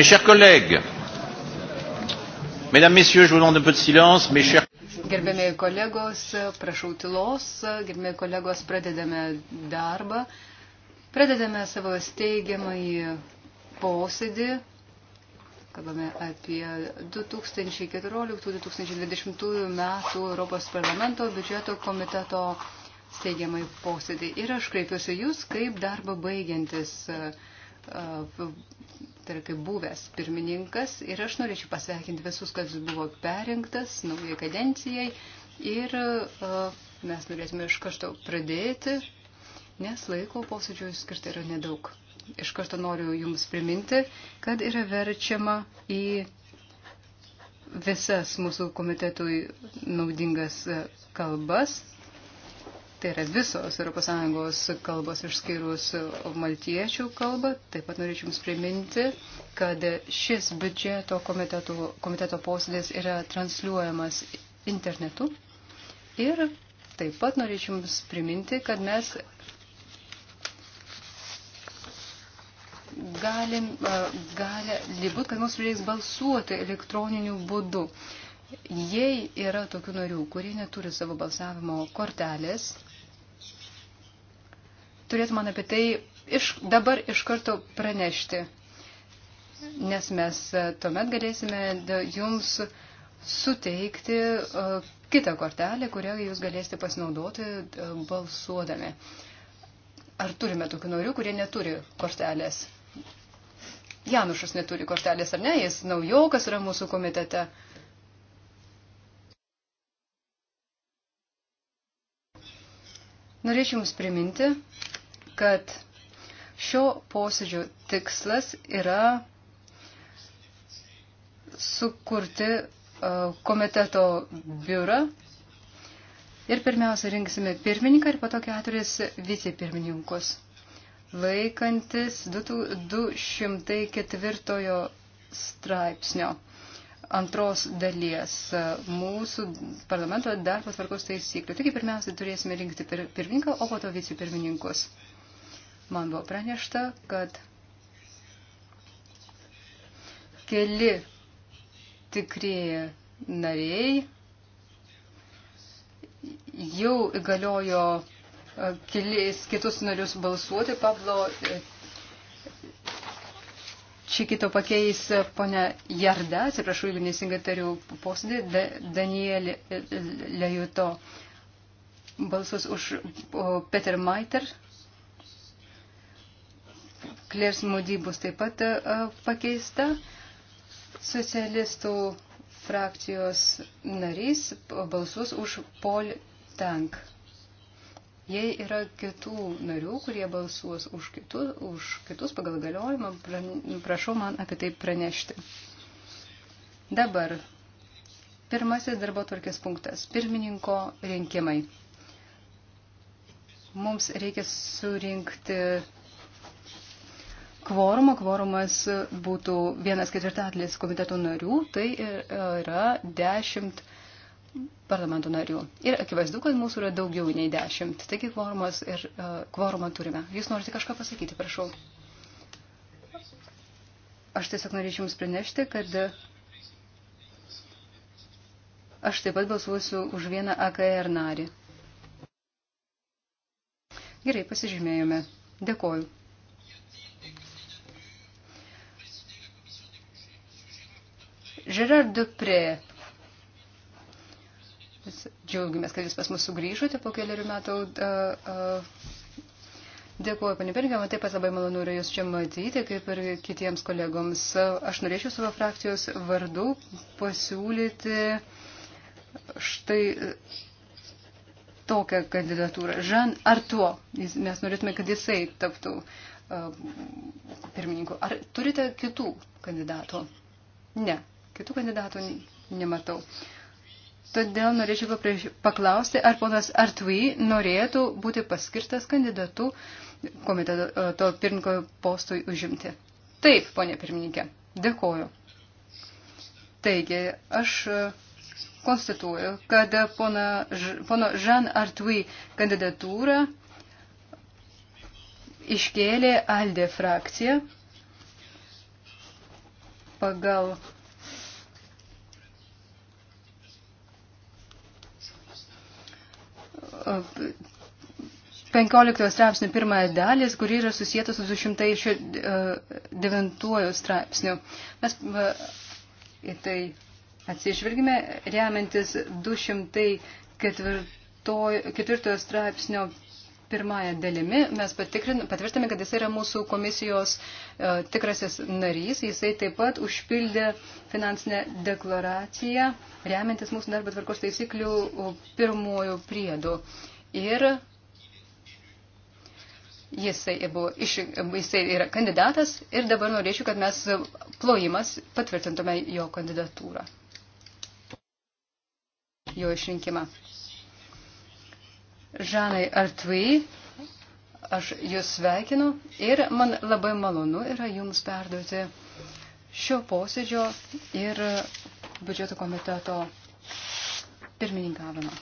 Mes chers collègues, mesdames, messieurs, je vous demande un peu de silence. Mes chers... Gerbėmiai kolegos, prašau tylos, gerbėmiai kolegos, pradedame darbą, pradedame savo steigiamąjį posėdį, kalbame apie 2014-2020 metų Europos parlamento biudžeto komiteto steigiamai posėdį. Ir aš kreipiuosi jūs, kaip darbą baigiantis tai yra kaip buvęs pirmininkas ir aš norėčiau pasveikinti visus, kas buvo perinktas naujai kadencijai ir uh, mes norėtume iš karto pradėti, nes laiko posėdžių skirta yra nedaug. Iš karto noriu Jums priminti, kad yra verčiama į visas mūsų komitetui naudingas e, kalbas, Tai yra visos ES kalbos išskyrus maltiečių kalbą. Taip pat norėčiau Jums priminti, kad šis biudžeto komiteto, komiteto posėdis yra transliuojamas internetu. Ir taip pat norėčiau Jums priminti, kad mes galim, gali būti, kad mums reiks balsuoti elektroniniu būdu. Jei yra tokių narių, kurie neturi savo balsavimo kortelės, turėtų man apie tai iš, dabar iš karto pranešti, nes mes e, tuomet galėsime jums suteikti e, kitą kortelę, kurią jūs galėsite pasinaudoti e, balsuodami. Ar turime tokių norių, kurie neturi kortelės? Janušas neturi kortelės, ar ne? Jis naujokas yra mūsų komitete. Norėčiau Jums priminti, kad šio posėdžio tikslas yra sukurti e, komiteto biurą ir pirmiausia rinksime pirmininką ir po to keturis vicepirmininkus, laikantis 204 straipsnio antros dalies e, mūsų parlamento darbos tvarkos taisyklių. Taigi pirmiausia turėsime rinkti pirmininką, o po to vicepirmininkus. pirmininkus man buvo pranešta, kad keli tikrieji nariai jau įgaliojo e, kelis kitus narius balsuoti. Pablo e, Čikito pakeis e, ponia Jarda, atsiprašau, jeigu nesingai tariu posėdį, Danielį Lejuto balsus už Peter Maiter Klers Mudy bus taip pat e, e, pakeista. Socialistų frakcijos narys balsus už Paul Tank. Jei yra kitų narių, kurie balsuos už kitus, už kitus pagal galiojimą, prašau man apie tai pranešti. Dabar pirmasis darbo tvarkės punktas – pirmininko rinkimai. Mums reikia surinkti kvorumą. Kvorumas būtų vienas ketvirtatlis komiteto narių, tai yra dešimt parlamento narių. Ir akivaizdu, kad mūsų yra daugiau nei dešimt. Taigi kvorumas ir e, kvorumą turime. Jūs norite kažką pasakyti, prašau. Aš tiesiog norėčiau Jums pranešti, kad aš taip pat balsuosiu už vieną AKR narį. Gerai, pasižymėjome. Dėkoju. Gerard Dupré. Džiaugiamės, kad jūs pas mus sugrįžote po keliarių metų. Uh, uh, Dėkuoju, panė Pirgė, man taip pat labai malonu yra jūs čia matyti, kaip ir kitiems kolegoms. Aš norėčiau savo frakcijos vardu pasiūlyti štai e, tokią kandidatūrą. Žan Artuo, mes norėtume, kad jisai taptų uh, pirmininku. Ar turite kitų kandidatų? Ne. Kitų kandidatų nematau. Todėl norėčiau paklausti, ar ponas Artvy norėtų būti paskirtas kandidatu komiteto e, to pirmininko postui užimti. Taip, ponė pirmininkė, dėkoju. Taigi, aš e, konstatuoju, kad pona, pono Žan Artvy kandidatūrą iškėlė Aldė frakcija pagal 15 straipsnių pirmąją dalis, kuri yra susijęta su 209 straipsniu. Mes į tai atsižvelgime, remiantis 204 straipsnio pirmąją dalimi mes patvirtame, kad jis yra mūsų komisijos e, tikrasis narys. Jisai taip pat užpildė finansinę deklaraciją, remiantis mūsų darbo tvarkos taisyklių pirmojų priedų. Ir jisai, buvo, iš, jisai yra kandidatas ir dabar norėčiau, kad mes plojimas patvirtintume jo kandidatūrą, jo išrinkimą. Žanai Artvai, aš jūs sveikinu ir man labai malonu yra jums perduoti šio posėdžio ir biudžeto komiteto pirmininkavimą.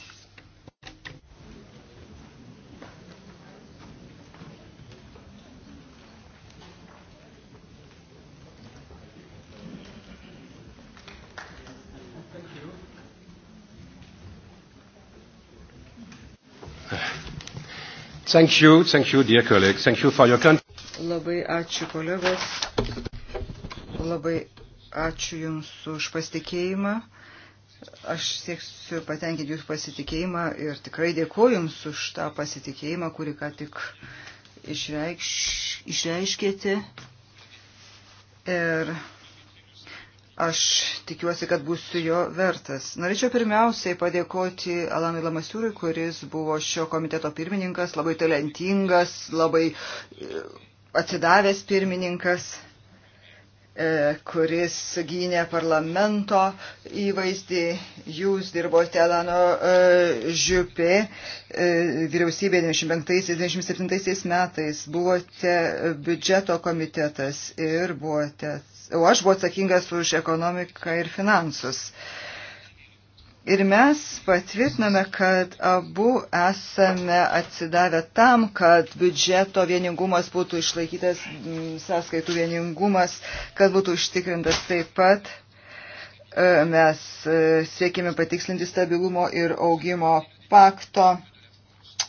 Thank you, thank you, dear colleague. Thank you for your Labai ačiū kolegos. Labai ačiū Jums už pasitikėjimą. Aš sieksiu patenkinti Jūsų pasitikėjimą ir tikrai dėkuoju Jums už tą pasitikėjimą, kurį ką tik išreikš, išreiškėte. Ir Aš tikiuosi, kad būsiu jo vertas. Norėčiau pirmiausiai padėkoti Alanui Lamasiūrui, kuris buvo šio komiteto pirmininkas, labai talentingas, labai e, atsidavęs pirmininkas e, kuris gynė parlamento įvaizdį. Jūs dirbote Elano e, Žiupė vyriausybė 95-97 metais, buvote biudžeto komitetas ir buvote o aš buvau atsakingas už ekonomiką ir finansus. Ir mes patvirtiname, kad abu esame atsidavę tam, kad biudžeto vieningumas būtų išlaikytas, mm, sąskaitų vieningumas, kad būtų užtikrintas taip pat. E, mes e, siekime patikslinti stabilumo ir augimo pakto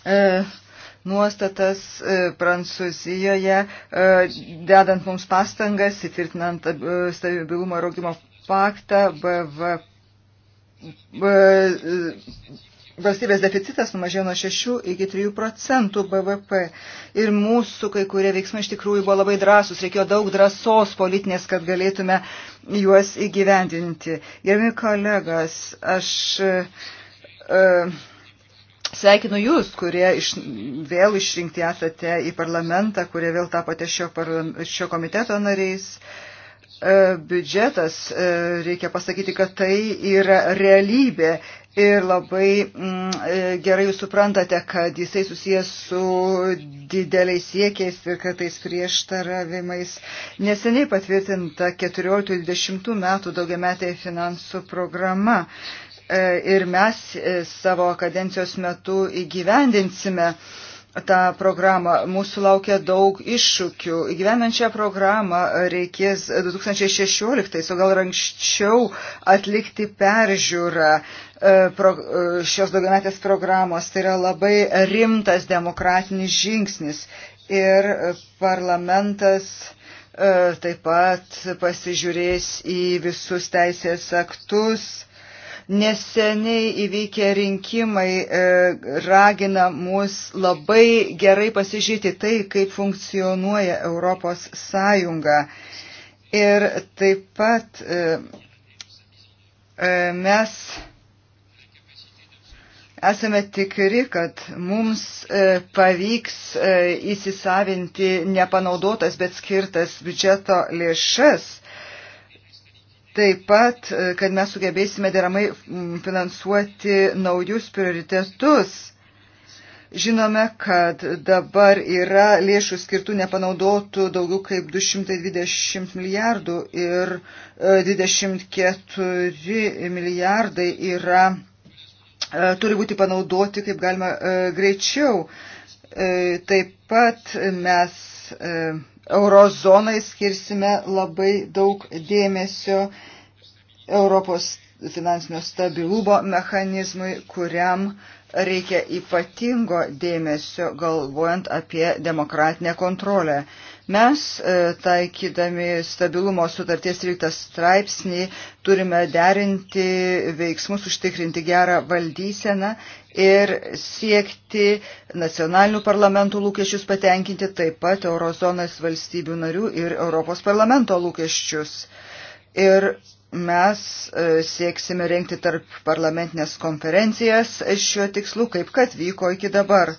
e, nuostatas e, Prancūzijoje, e, dedant mums pastangas, įtvirtinant e, stabilumo ir augimo paktą, BVP. Valstybės deficitas numažėjo nuo 6 iki 3 procentų BVP. Ir mūsų kai kurie veiksmai iš tikrųjų buvo labai drąsus, reikėjo daug drąsos politinės, kad galėtume juos įgyvendinti. Gerbimi kolegas, aš. Uh, Sveikinu Jūs, kurie iš, vėl išrinkti esate į parlamentą, kurie vėl tapote šio, parlam, šio komiteto nariais. E, biudžetas, e, reikia pasakyti, kad tai yra realybė ir labai mm, e, gerai jūs suprantate, kad jisai susijęs su dideliais siekiais ir kartais prieštaravimais. Neseniai patvirtinta 14-20 metų daugiametė finansų programa. E, ir mes e, savo kadencijos metu įgyvendinsime tą programą. Mūsų laukia daug iššūkių. Įgyvenant šią programą reikės 2016, o gal ir anksčiau, atlikti peržiūrą e, šios daugiametės programos. Tai yra labai rimtas demokratinis žingsnis. Ir parlamentas taip pat pasižiūrės į visus teisės aktus Neseniai įvykę rinkimai e, ragina mus labai gerai pasižiūrėti tai, kaip funkcionuoja Europos Sąjunga. Ir taip pat e, e, mes esame tikri, kad mums pavyks įsisavinti nepanaudotas, bet skirtas biudžeto lėšas Taip pat, e, kad mes sugebėsime deramai finansuoti naujus prioritetus. Žinome, kad dabar yra lėšų skirtų nepanaudotų daugiau kaip 220 milijardų ir 24 e, milijardai yra, e, turi būti panaudoti kaip galima greičiau. Taip pat mes eurozonai skirsime labai daug dėmesio Europos finansinio stabilumo mechanizmui, kuriam reikia ypatingo dėmesio galvojant apie demokratinę kontrolę. Mes, e, taikydami stabilumo sutarties 13 straipsnį, turime derinti veiksmus, užtikrinti gerą valdyseną ir siekti nacionalinių parlamentų lūkesčius patenkinti, taip pat eurozonas valstybių narių ir Europos parlamento lūkesčius. Ir mes e, sieksime renkti tarp parlamentinės konferencijas šiuo tikslu, kaip kad vyko iki dabar.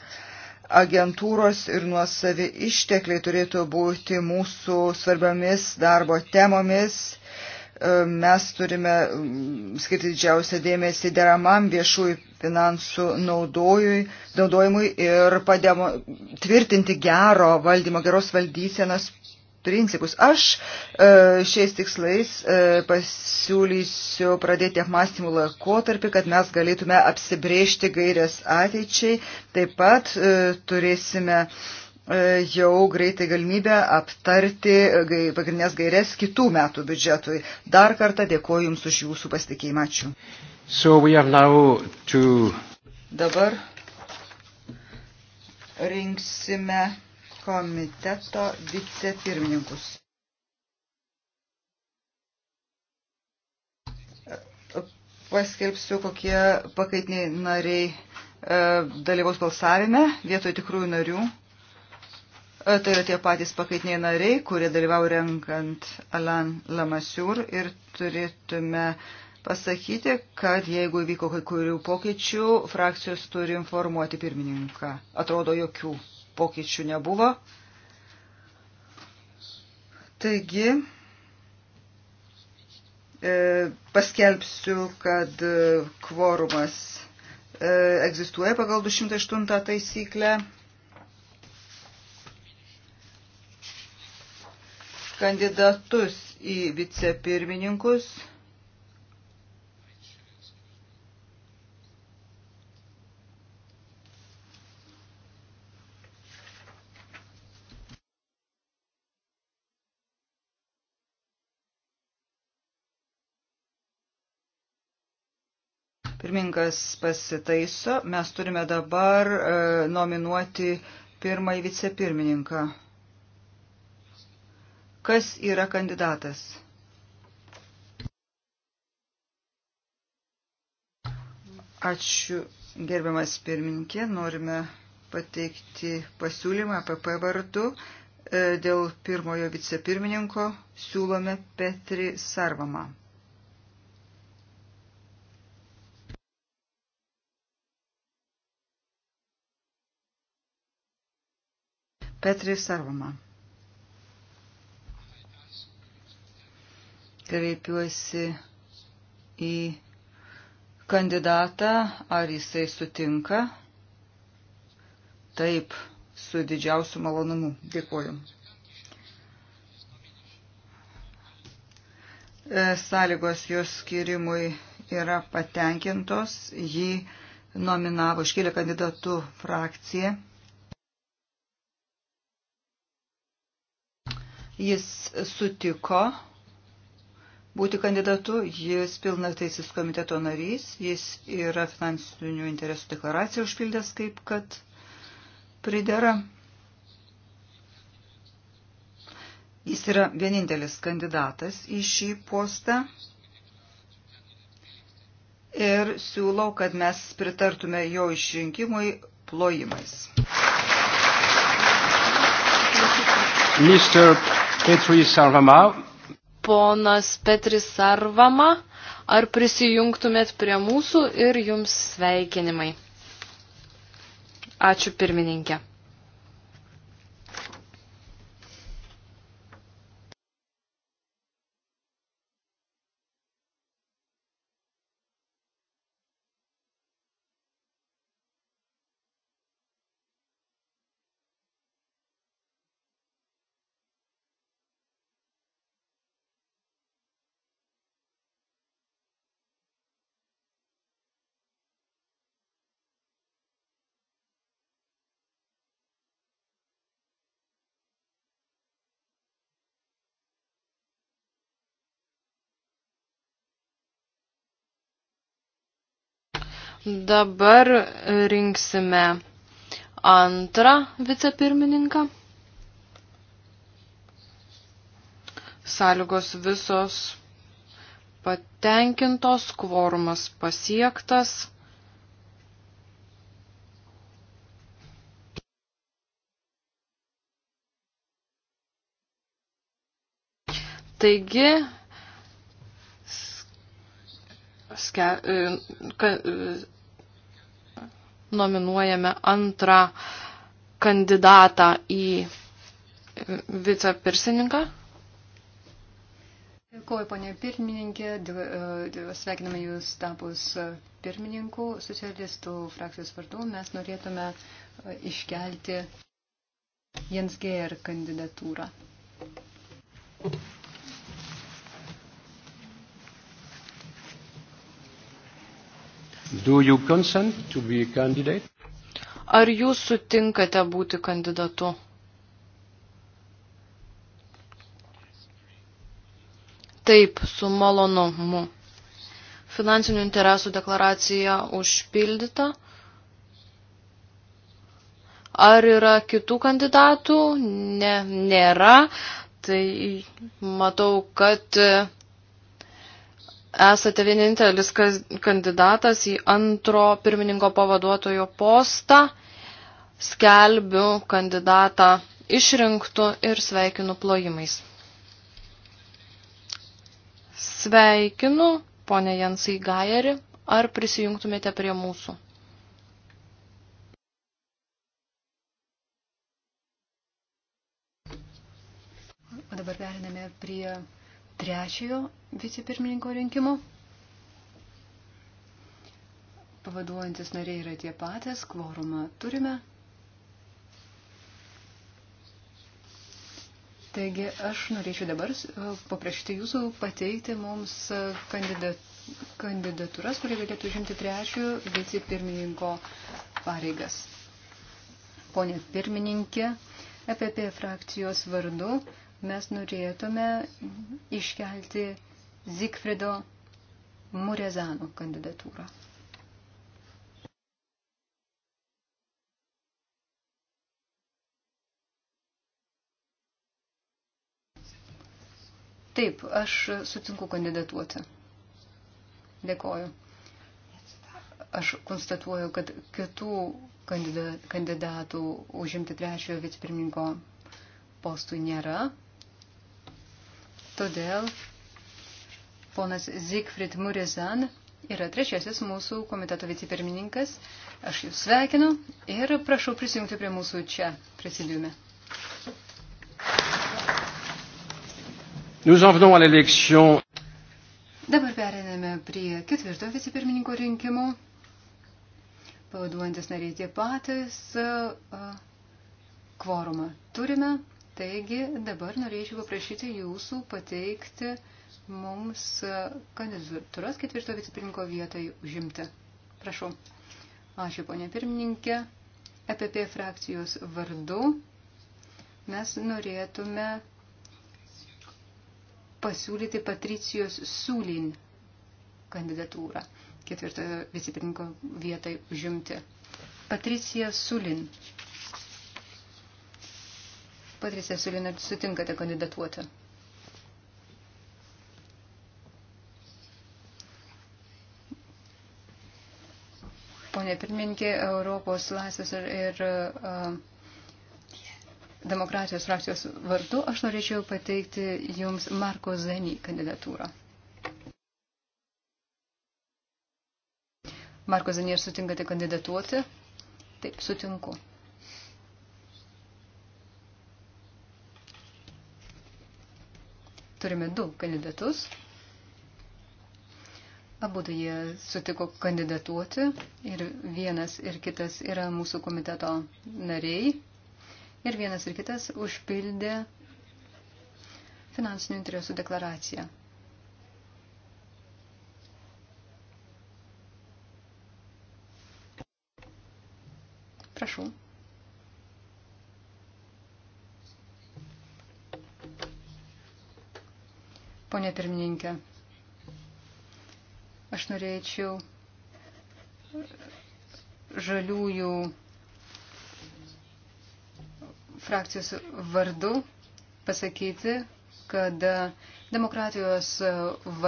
Agentūros ir nuosavi ištekliai turėtų būti mūsų svarbiamis darbo temomis. E, mes turime mm, skirti didžiausią dėmesį deramam viešųjų finansų naudojui, naudojimui ir pademo, tvirtinti gero valdymo, geros valdysenos principus. Aš e, šiais tikslais e, pasiūlysiu pradėti apmąstymų laikotarpį, kad mes galėtume apsibriežti gairias ateičiai. Taip pat e, turėsime jau greitai galimybę aptarti pagrindinės gairias kitų metų biudžetui. Dar kartą dėkoju Jums už Jūsų pasitikėjimą. Ačiū. So to... Dabar rinksime komiteto vicepirmininkus. Paskelbsiu, kokie pakaitiniai nariai e, dalyvaus balsavime vietoj tikrųjų narių. E, tai yra tie patys pakaitiniai nariai, kurie dalyvau renkant Alan Lamasiur ir turėtume pasakyti, kad jeigu įvyko kai kurių pokyčių, frakcijos turi informuoti pirmininką. Atrodo jokių pokyčių nebuvo. Taigi, e, paskelbsiu, kad e, kvorumas e, egzistuoja pagal 208 taisyklę. Kandidatus į vicepirmininkus. Pirmingas pasitaiso, mes turime dabar e, nominuoti pirmąjį vicepirmininką. Kas yra kandidatas? Ačiū, gerbiamas pirmininkė. Norime pateikti pasiūlymą PP vardu. E, dėl pirmojo vicepirmininko siūlome Petri Sarvamą. Petri Sarvama. Kreipiuosi į kandidatą, ar jisai sutinka. Taip, su didžiausiu malonumu. Dėkuoju. E, sąlygos jos skirimui yra patenkintos. Jį nominavo iškėlė kandidatų frakcija. Jis sutiko būti kandidatu, jis pilnataisis komiteto narys, jis yra finansinių interesų deklaraciją užpildęs kaip kad pridera. Jis yra vienintelis kandidatas į šį postą ir siūlau, kad mes pritartume jo išrinkimui plojimais. Mr. Petri Sarvama. Ponas Petris Sarvama, ar prisijungtumėt prie mūsų ir jums sveikinimai. Ačiū pirmininkė. Dabar rinksime antrą vicepirmininką. Sąlygos visos patenkintos, kvorumas pasiektas. Taigi, ske, ka, e, nominuojame antrą kandidatą į vicepirsininką. Dėkuoju, ponė pirmininkė, e, sveikiname Jūs tapus pirmininku socialistų frakcijos vardu. Mes norėtume e, iškelti Jens Geier kandidatūrą. Thank you. Do you consent to be a candidate? Ar jūs sutinkate būti kandidatu? Taip, su malonumu. Finansinių interesų deklaracija užpildyta. Ar yra kitų kandidatų? Ne, nėra. Tai matau, kad esate vienintelis kandidatas į antro pirmininko pavaduotojo postą. Skelbiu kandidatą išrinktų ir sveikinu plojimais. Sveikinu, ponė Jansai Gajeri, ar prisijungtumėte prie mūsų? O dabar periname prie trečiojo vicepirmininko rinkimo. Pavaduojantis nariai yra tie patys, kvorumą turime. Taigi aš norėčiau dabar e, paprašyti jūsų pateikti mums e, kandidat, kandidatūras, kurie galėtų užimti trečiojo vicepirmininko pareigas. Pone pirmininkė, EPP frakcijos vardu mes norėtume iškelti Zigfrido Murezano kandidatūrą. Taip, aš sutinku kandidatuoti. Dėkoju. Aš konstatuoju, kad kitų kandidatų užimti trečiojo vicepirmininko postui nėra. Todėl ponas Zigfrid Murizan yra trečiasis mūsų komiteto vicepirmininkas. Aš jūs sveikinu ir prašau prisijungti prie mūsų čia presidiume. Dabar periname prie ketvirto vicepirmininko rinkimų. Pavaduojantis nariai tie patys. Uh, e, e, kvorumą turime. Taigi dabar norėčiau paprašyti jūsų pateikti mums kandidatūras ketvirto vicepirmininko vietai užimti. Prašau. Ačiū, ponė pirmininkė. EPP frakcijos vardu mes norėtume pasiūlyti Patricijos Sūlin kandidatūrą ketvirtojo vicepirmininko vietai užimti. Patricija Sulin. Patricija Sulina, sutinkate kandidatuoti? Pone pirmininkė, Europos laisvės ir, ir uh, demokratijos frakcijos vardu aš norėčiau pateikti Jums Marko Zenį kandidatūrą. Marko Zenį, ar sutinkate kandidatuoti? Taip, sutinku. Turime du kandidatus. Abu jie sutiko kandidatuoti ir vienas ir kitas yra mūsų komiteto nariai. Ir vienas ir kitas užpildė finansinių interesų deklaraciją. Prašau. Pone pirmininkė, aš norėčiau žaliųjų frakcijos vardu pasakyti, kad demokratijos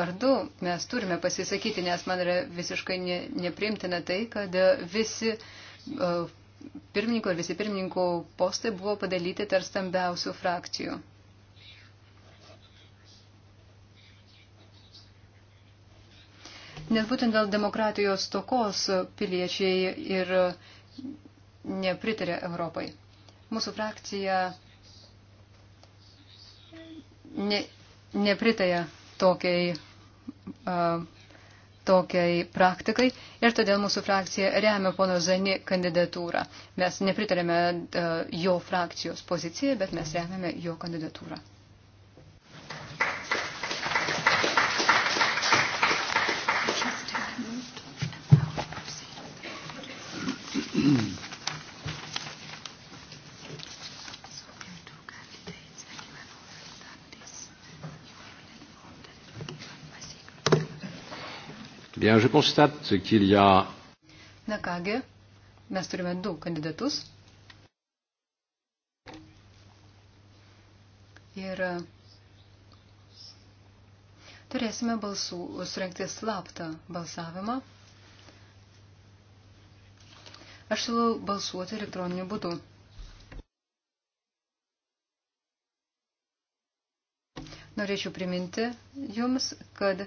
vardu mes turime pasisakyti, nes man yra visiškai ne, neprimtina tai, kad visi e, pirmininko ir visi pirmininko postai buvo padalyti tarp stambiausių frakcijų. Nes būtent dėl demokratijos tokos piliečiai ir nepritarė Europai. Mūsų frakcija ne, nepritarė tokiai, uh, tokiai praktikai ir todėl mūsų frakcija remia pono Zani kandidatūrą. Mes nepritarėme uh, jo frakcijos poziciją, bet mes remiame jo kandidatūrą. Bien, je constate qu'il y a. Na kągi, mes turime du kandidatus. Ir e, turėsime balsų surenkti slaptą balsavimą. Aš siūlau balsuoti elektroniniu būdu. Norėčiau priminti jums, kad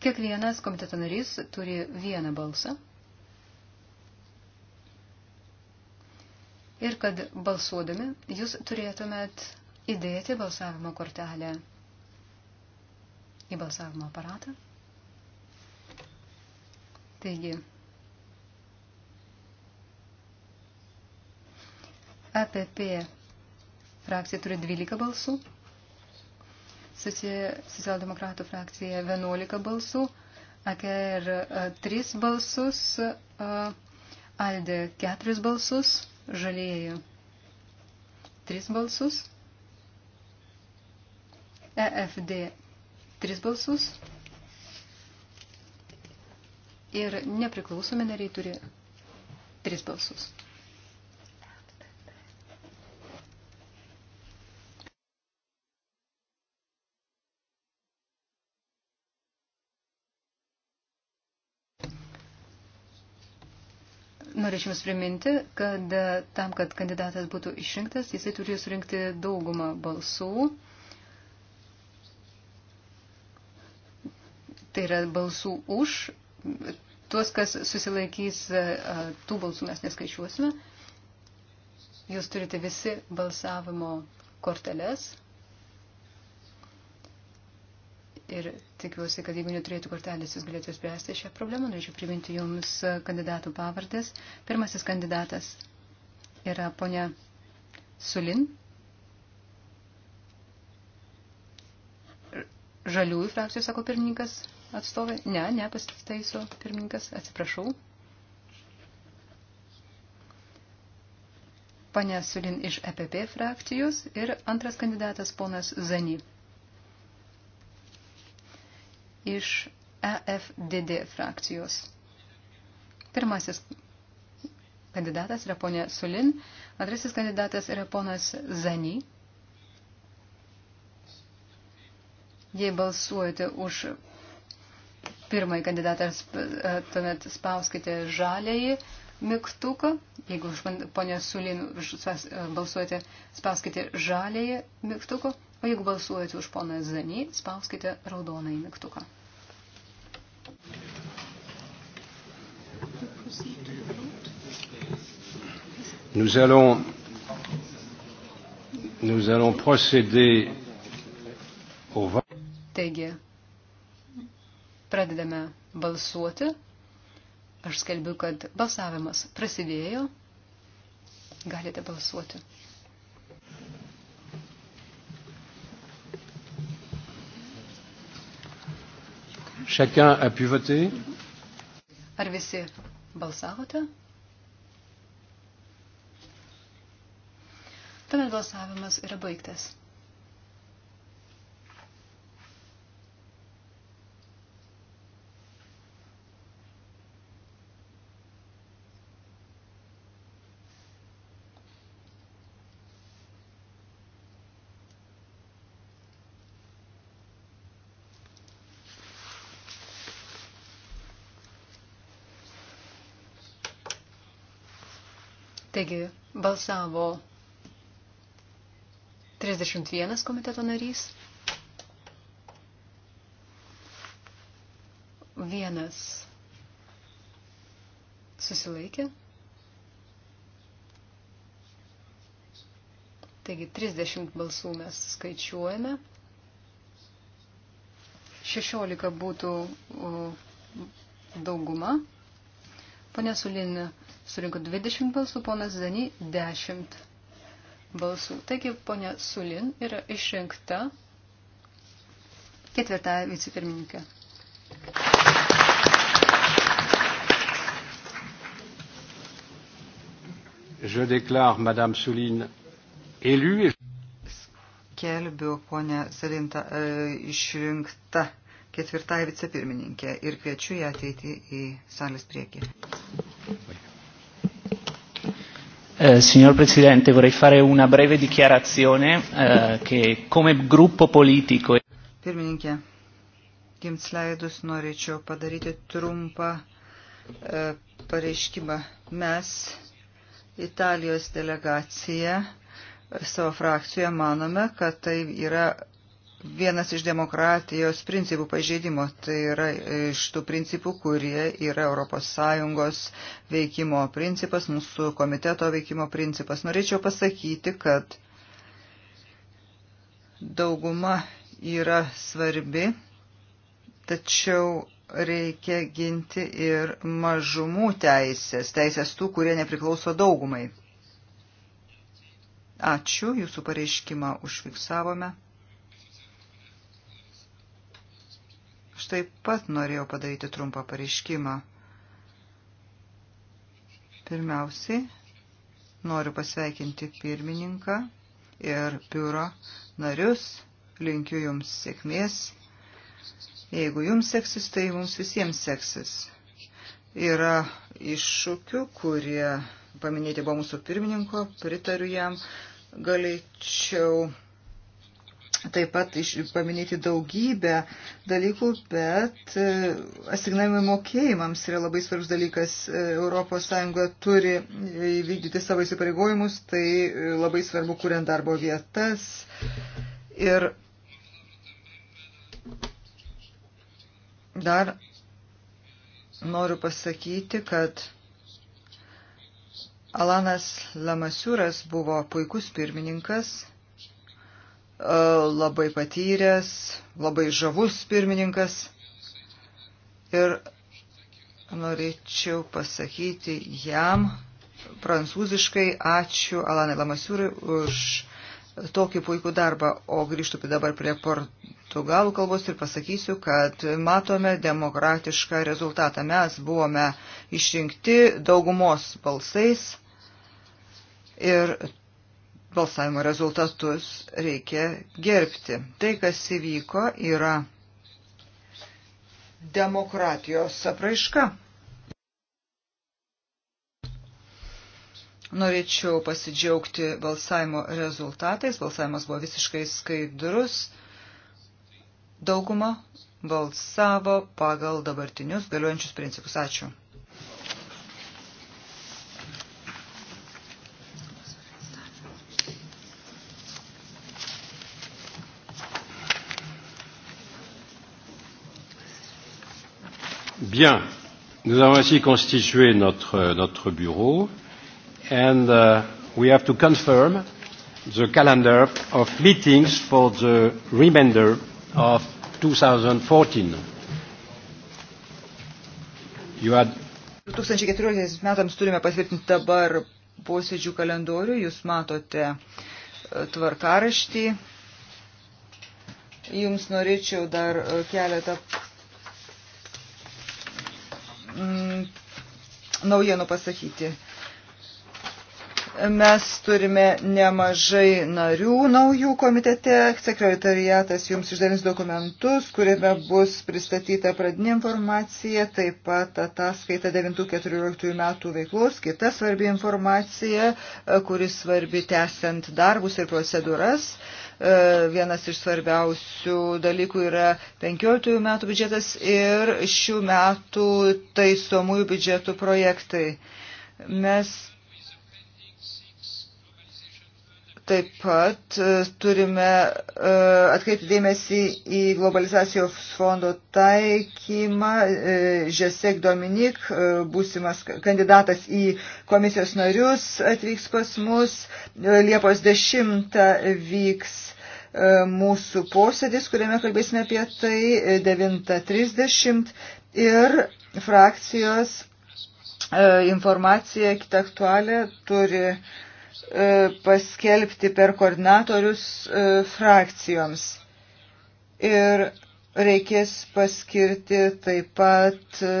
Kiekvienas komiteto narys turi vieną balsą. Ir kad balsuodami jūs turėtumėt įdėti balsavimo kortelę į balsavimo aparatą. Taigi, APP frakcija turi 12 balsų, socialdemokratų frakcija 11 balsų, AKR 3 e, balsus, e, ALDE 4 balsus, Žalieji 3 balsus, EFD 3 balsus ir nepriklausomi nariai turi 3 balsus. norėčiau Jums priminti, kad e, tam, kad kandidatas būtų išrinktas, jisai turi surinkti daugumą balsų. Tai yra balsų už. Tuos, kas susilaikys, e, e, tų balsų mes neskaičiuosime. Jūs turite visi balsavimo korteles. Ir tikiuosi, kad jeigu neturėtų kortelės, jūs galėtų spręsti šią problemą. Norėčiau priminti jums kandidatų pavardės. Pirmasis kandidatas yra ponia Sulin. Žaliųjų frakcijų, sako pirmininkas atstovai. Ne, ne, pasitaiso pirmininkas, atsiprašau. Pane Sulin iš EPP frakcijos ir antras kandidatas ponas Zani iš EFDD frakcijos. Pirmasis kandidatas yra ponė Sulin, antrasis kandidatas yra ponas Zany. Jei balsuojate už pirmąjį kandidatą, e, tuomet spauskite žalėjį mygtuką. Jeigu už ponę Sulin e, balsuojate, spauskite žalėjį mygtuką. O jeigu balsuojate už poną Zany, spauskite raudonąjį mygtuką. Nous allons, nous allons procéder au vote. Taigi, pradedame balsuoti. Aš skelbiu, kad balsavimas prasidėjo. Galite balsuoti. Chacun a pu voter? Ar visi Balsavote? Tuomet balsavimas yra baigtas. Taigi balsavo 31 komiteto narys, vienas susilaikė. Taigi 30 balsų mes skaičiuojame. 16 būtų dauguma, Pane Sulinė surinko 20 balsų, ponas Zany 10 balsų. Taigi, ponė Sulin yra išrinkta ketvirtąją vicepirmininkę. Je déclare Madame Souline élue. Skelbiu ponę Salinta e, išrinkta ketvirtąją vicepirmininkę ir kviečiu ją ateiti į salės priekį. Eh, signor Presidente, vorrei fare una breve dichiarazione eh, che come gruppo politico. Pirmininkė, jums leidus norėčiau padaryti trumpą e, pareiškimą. Mes, Italijos delegacija, savo frakcijoje manome, kad tai yra vienas iš demokratijos principų pažeidimo. Tai yra iš tų principų, kurie yra ES veikimo principas, mūsų komiteto veikimo principas. Norėčiau pasakyti, kad dauguma yra svarbi, tačiau reikia ginti ir mažumų teisės, teisės tų, kurie nepriklauso daugumai. Ačiū, jūsų pareiškimą užfiksavome. Aš taip pat norėjau padaryti trumpą pareiškimą. Pirmiausiai, noriu pasveikinti pirmininką ir biuro narius. Linkiu jums sėkmės. Jeigu jums seksis, tai mums visiems seksis. Yra iššūkių, kurie paminėti buvo mūsų pirmininko, pritariu jam, galėčiau taip pat paminėti daugybę dalykų, bet e, asignavimai mokėjimams yra labai svarbus dalykas. ES turi įvykdyti e, savo įsipareigojimus, tai e, labai svarbu, kuriant darbo vietas. Ir dar noriu pasakyti, kad Alanas Lamasiūras buvo puikus pirmininkas E, labai patyręs, labai žavus pirmininkas. Ir norėčiau pasakyti jam prancūziškai ačiū Alanai Lamasiūrai už tokį puikų darbą. O grįžtu dabar prie portugalų kalbos ir pasakysiu, kad matome demokratišką rezultatą. Mes buvome išrinkti daugumos balsais ir balsavimo rezultatus reikia gerbti. Tai, kas įvyko, yra demokratijos apraiška. Norėčiau pasidžiaugti balsavimo rezultatais. Balsavimas buvo visiškai skaidrus. Dauguma balsavo pagal dabartinius galiuojančius principus. Ačiū. Bien. Nous avons ainsi constitué notre, euh, notre bureau and uh, we have to confirm the calendar of meetings for the remainder of 2014. You had 2014 metams turime patvirtinti dabar posėdžių kalendorių. Jūs matote uh, tvarkaraštį. Jums norėčiau dar uh, keletą naujienų pasakyti. Mes turime nemažai narių naujų komitete. Sekretariatas jums išdalins dokumentus, kuriame bus pristatyta pradinė informacija, taip pat ataskaita 9-14 metų veiklos, kita svarbi informacija, e, kuris svarbi tęsiant darbus ir procedūras. E, vienas iš svarbiausių dalykų yra 15 metų biudžetas ir šių metų taisomųjų biudžetų projektai. Mes Taip pat e, turime e, atkreipti dėmesį į globalizacijos fondo taikymą. E, Žesek Dominik, būsimas kandidatas į komisijos narius, atvyks pas mus. Liepos 10 vyks mūsų posėdis, kuriame kalbėsime apie tai 9.30 ir frakcijos informacija, kita aktualė, turi E, paskelbti per koordinatorius e, frakcijoms. Ir reikės paskirti taip pat e,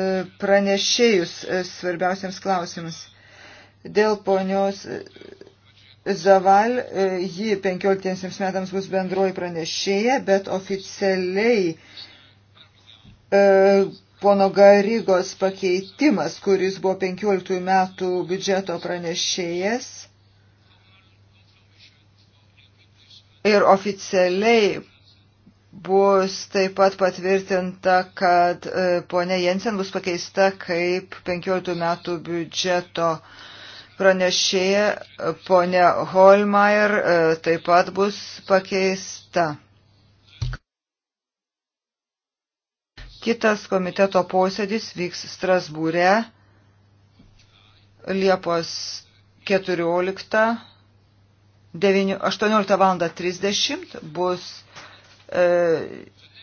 pranešėjus svarbiausiams klausimams. Dėl ponios Zaval, ji 15 metams bus bendroji pranešėja, bet oficialiai e, pono Garygos pakeitimas, kuris buvo 15 metų biudžeto pranešėjas, ir oficialiai bus taip pat patvirtinta, kad e, ponė Jensen bus pakeista kaip 15 metų biudžeto pranešėja, ponė Holmeier e, taip pat bus pakeista. Kitas komiteto posėdis vyks Strasbūre Liepos 14 18.30 bus e,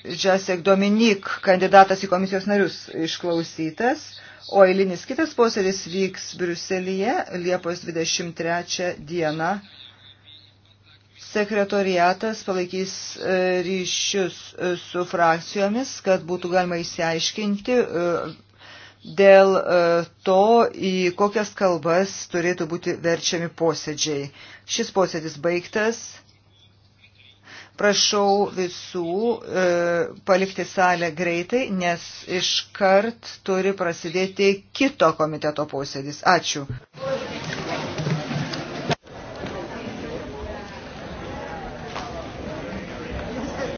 Žesek Dominik, kandidatas į komisijos narius, išklausytas, o eilinis kitas posėdis vyks Briuselyje Liepos 23 dieną. Sekretoriatas palaikys e, ryšius e, su frakcijomis, kad būtų galima įsiaiškinti e, dėl e, to, į kokias kalbas turėtų būti verčiami posėdžiai. Šis posėdis baigtas. Prašau visų e, palikti salę greitai, nes iškart turi prasidėti kito komiteto posėdis. Ačiū.